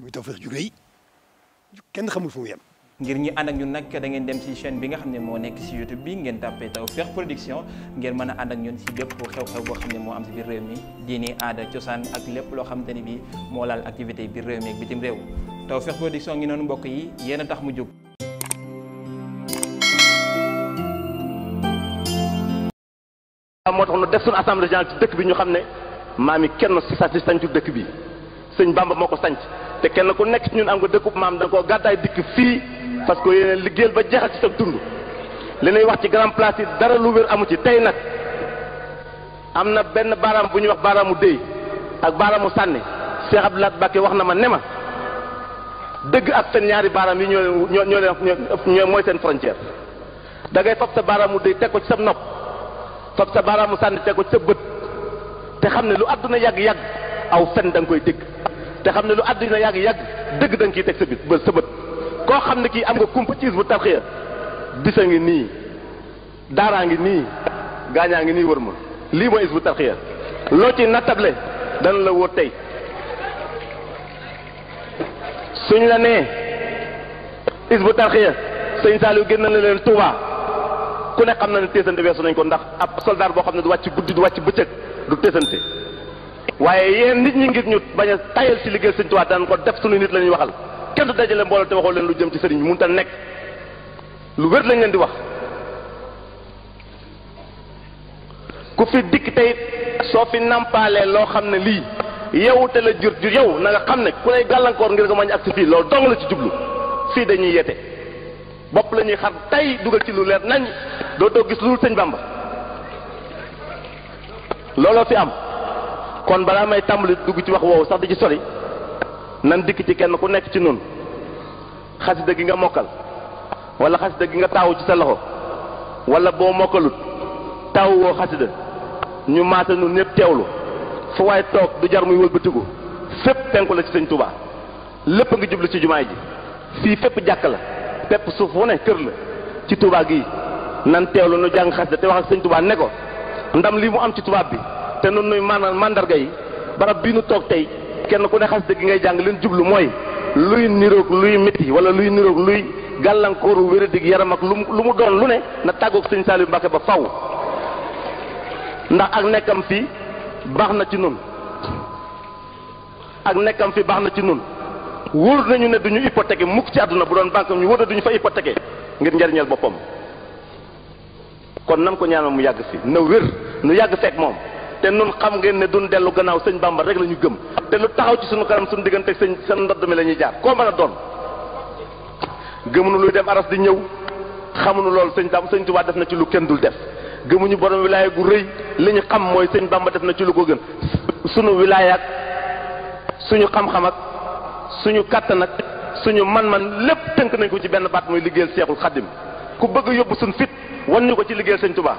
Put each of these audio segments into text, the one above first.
muy Tawfekh ju rëy kenn xamul fu mu ngir ñi ànd ak ñun nag da dem ci chaîne bi nga xam ne moo nekk ci YouTube bi ngeen tàppee Tawfekh Production ngeen mën a ànd ak ñun ci bépp xew-xew boo xam ne moo am ci biir réew mi diini aada cosaan ak lépp loo xamante ni bi moo laal activité biir réew mi ak bitim réew Tawfekh Production ngi noonu mbokk yi yéen a tax mu jóg. moo tax ñu def suñu assemblée générale ci dëkk bi ñu xam ne maam bi. sëñ Bamba moo ko sanc te kenn ku nekk ci ñun am nga dëkkub maam da nga koo gàddaay dikk fii parce que yéen liggéeyal ba jeexal ci sa dund li ñuy wax ci grand place yi dara lu wér amu ci tey nag am na benn baaraam bu ñuy wax baaraamu déy ak baaraamu sànni Cheikh Abdoulaye Mbacke wax na ma ne ma dëgg ak seen ñaari baaraam yi ñoo ñoo ñoo mooy seen frontière da ngay fab sa baaraamu déy teg ko ci sa nopp fab sa baaraamu sànni teg ko ci sa bët te xam ne lu àdduna yàgg-yàgg aw fen da koy dégg te xam ne lu àddina yàgg yàgg dëgg da nga teg sa bit ba sa bët koo xam ne kii am nga compétence bu tarxiya bisa ngi nii daaraa ngi nii gaañaa ngi nii wër ma lii mooy is bu tarxiya loo ci nattable dana la wóor tey suñ la nee is bu tarxiya sëñ Saliou génn na leen Touba ku ne xam na ne téesante weesu nañ ko ndax ab soldaar boo xam ne du wàcc guddi du wàcc bëccëg du téesante waaye yéen nit ñi ngir ñu bañ a tayal ci liggéey sëñ Tuubaa daan ko def suñu nit la ñuy waxal kenn du dajale mbooloo te waxoo leen lu jëm ci sëriñ bi mënut a nekk lu wér lañ leen di wax ku fi dikk tey soo fi nampaalee loo xam ne lii yow te la jur jur yow na nga xam ne ku lay gàllankoor ngir nga mañ ak si fii loolu dong la ci jublu fii dañuy yete bopp la ñuy xar tey dugal ci lu leer nañ doo doo gis lu dul sëñ Bamba looloo fi am kon balaa may tàmbali dugg ci wax woowu sax di ci sori nan dikk ci kenn ku nekk ci nun xasida gi nga mokkal wala xasida gi nga taawu ci sa loxo walla boo mokkalut taawu woo xasida ñu maata nun ñëpp teewlu foo waaye toog du jar muy wëlbatiku fépp penku la ci sëñ Tuubaa lépp nga jublu ci jumaay ji fii fépp jàkk la pepp suuf wu ne kër la ci Tuubaa gii nan teewlu nu jàng xasida te wax ak sëñ Tuubaa ne ko ndam lii mu am ci tubaab bi te nun nuy maanaam mandarga yi barab bii nu toog tey kenn ku ne xasida gi ngay jàng leen jublu mooy luy niroog luy métti wala luy niroog luy gàllankooru wéradig yaram ak lu mu lu doon lu ne na tàggoog sëñ Saliou Mbacke ba faw ndax ak nekkam fi baax na ci nun ak nekkam fi baax na ci nun wóor nañu ne duñu hypothéqué mukk ci àdduna bu doon banque ñu wóor na duñu fa hypothéqué ngir njariñal boppam kon nam ko ñaanal mu yàgg fi na wér nu yàgg fekk moom te nun xam ngeen ne dellu gannaaw sëñ Bamba rek la ñu gëm te lu taxaw ci suñu kanam suñu diggante sëñ seen ndodd mi la ñuy jaar koo mën a doon gëmuñu luy dem aras di ñëw xamuñu loolu sëñ Bamba sëñ Tuubaa def na ci lu kenn dul def gëmuñu borom wilaaya gu rëy li ñu xam mooy sëñ Bamba def na ci lu ko gën suñu wilaaya ak suñu xam-xam ak suñu kàttan ak suñu man-man lépp tënk nañ ko ci benn baat muy liggéeyal Seexul Xadim ku bëgg yóbbu suñ fit wan ñu ko ci liggéeyal sëñ Tuubaa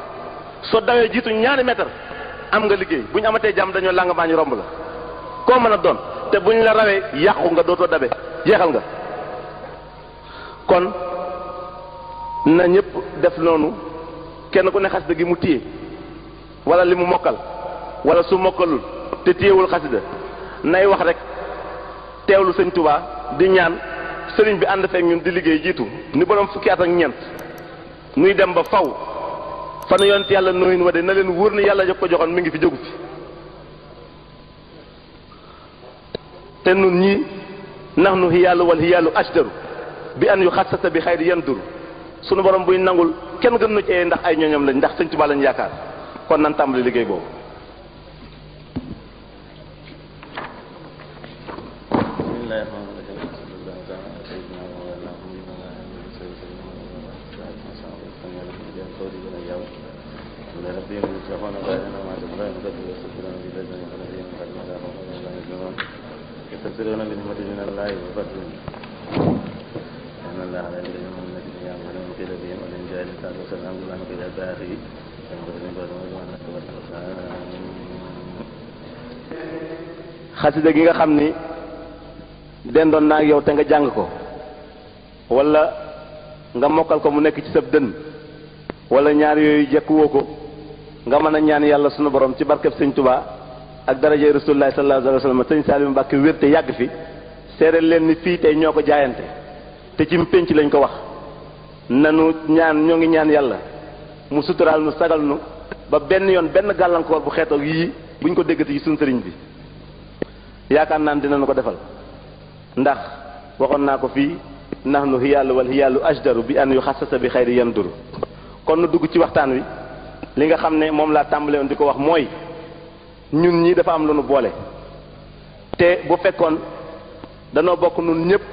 soo dawee jiitu ñaari mètre am nga liggéey bu ñu amatee jàmm dañoo làng baa ñu romb la koo mën a doon te bu ñu la rawee yàqu nga dootoo dabe jeexal nga kon na ñëpp def noonu kenn ku ne xasida gi mu téye wala li mu mokkal wala su mokkalul te téyewul xasida nay wax rek teewlu sëñ Tuubaa di ñaan sëriñ bi ànd fekk ñun di liggéey jiitu ni borom fukki at ak ñeent nuy dem ba faw fana yont yàlla nooyin wa de na leen wóor ni yàlla jox ko joxoon mi ngi fi jógu fi te nun ñi nax nu xiyaalu wal xiyaalu ashdaru bi an yu xassasa bi xayri yanduru sunu borom buy nangul kenn gën nu cee ndax ay ñoñom lañ ndax sëñ Tuubaa lañ yaakaar kon nan tàmbali liggéey boobu لنبيهم يستخون قائلنا مع جبرائيل مكتب يستخدمون في بيت ونبيهم قد مدى وقال الله يزمون يستبصرون بنعمة من الله وفضل أن الله على يد من الذين يعملون قيل بهم ولن جاء لسان وسلم عبد الله قيل باخي ينبغي بعد ما يجمع الناس xasida gi nga xam ni dendoon naa ak yow te nga jàng ko wala nga mokkal ko mu nekk ci sab dënn wala ñaar yooyu jekkuwoo ko nga mën a ñaan yàlla sunu borom ci barkeb sëñ tubaa ak darajey rasulullah sallallahu alayhi wa sallam sëñ Saliou Mbacke wér te yàgg fi seereel leen ni fii tey ñoo ko jaayante te ci pénc lañ ko wax nanu ñaan ñoo ngi ñaan yàlla mu suturaal nu sagal nu ba benn yoon benn gàllankoor bu xeet ak yii buñ ko déggati ci suñ sëriñ bi yaakaar naan dinañu ko defal ndax waxoon naa ko fii nax nu xiyaalu wal xiyaalu ajdaru bi an yu xasasa bi xayri yanduru kon nu dugg ci wi li nga xam ne moom laa tàmbalee woon di ko wax mooy ñun ñii dafa am lu boole te bu fekkoon danoo bokk nun ñëpp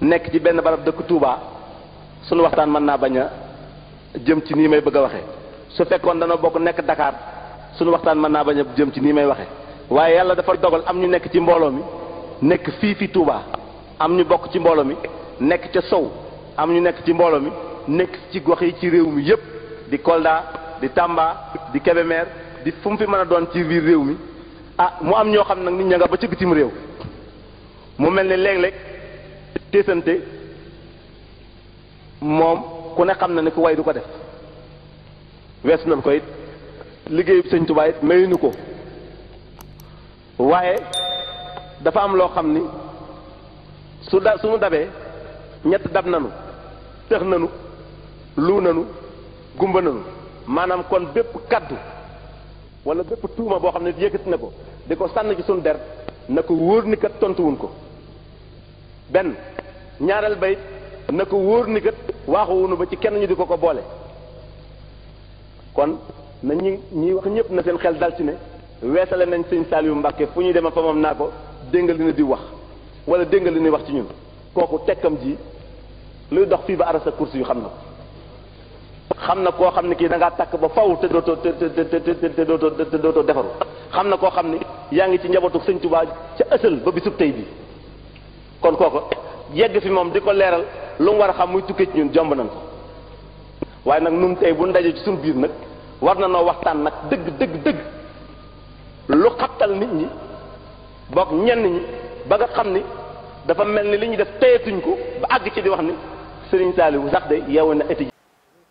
nekk ci benn barab dëkk tuubaa sunu waxtaan mën naa bañ a jëm ci nii may bëgg a waxee su fekkoon danoo bokk nekk Dakar sunu waxtaan mën naa bañ a jëm ci nii may waxee waaye yàlla dafa dogal am ñu nekk ci mbooloo mi nekk fii fi tuubaa am ñu bokk ci mbooloo mi nekk ca sow am ñu nekk ci mbooloo mi nekk ci gox yi ci réew mi yëpp di Kolda di tàmba di Kébémer di fu mu fi mën a doon ci biir réew mi ah mu am ñoo xam nag nit ña ba ci bitim réew mu mel ni léeg-léeg téesante moom ku ne xam na ne ku way du ko def weesu nañ ko it liggéeyu sëñ Tuubaa it mayuñu ko waaye dafa am loo xam ni su da suñu dabee ñett dab nanu tëx nanu luu nanu gumba nanu maanaam kon bépp kaddu wala bépp tuuma boo xam ne yëkkati na ko di ko sànn ci suñu der na ko wóor ni kat tontuwun ko benn ñaareel bayit na ko wóor ni kat waaxuwunu ba ci kenn ñu di ko ko boole kon na ñi ñiy wax ñëpp na seen xel dal ci ne weesale nañ sëñ yu Mbàkke fu ñuy dema fa moom naa ko déngal na di wax wala déngal li ñuy wax ci ñun kooku tekkam ji luy dox fii ba arasa course yu xam na ko xam na koo xam ne kii da ngaa takk ba faw te dootoo te te te dootoo defaru xam na koo xam ne yaa ngi ci njabootu sëñ Tuubaa ca ësal ba bisub tey bi kon kooko yegg fi moom di ko leeral lu mu war a xam muy tukkee ci ñun jomb nañ ko waaye nag nun tey suñu biir nag war na noo waxtaan nag dëgg dëgg dëgg lu xattal nit ñi bokk ñenn ñi ba nga xam ni dafa mel ni li ñuy def teyatuñ ko ba àgg ci di wax ni Sëriñ Saaliwu sax de yeewu na étudiant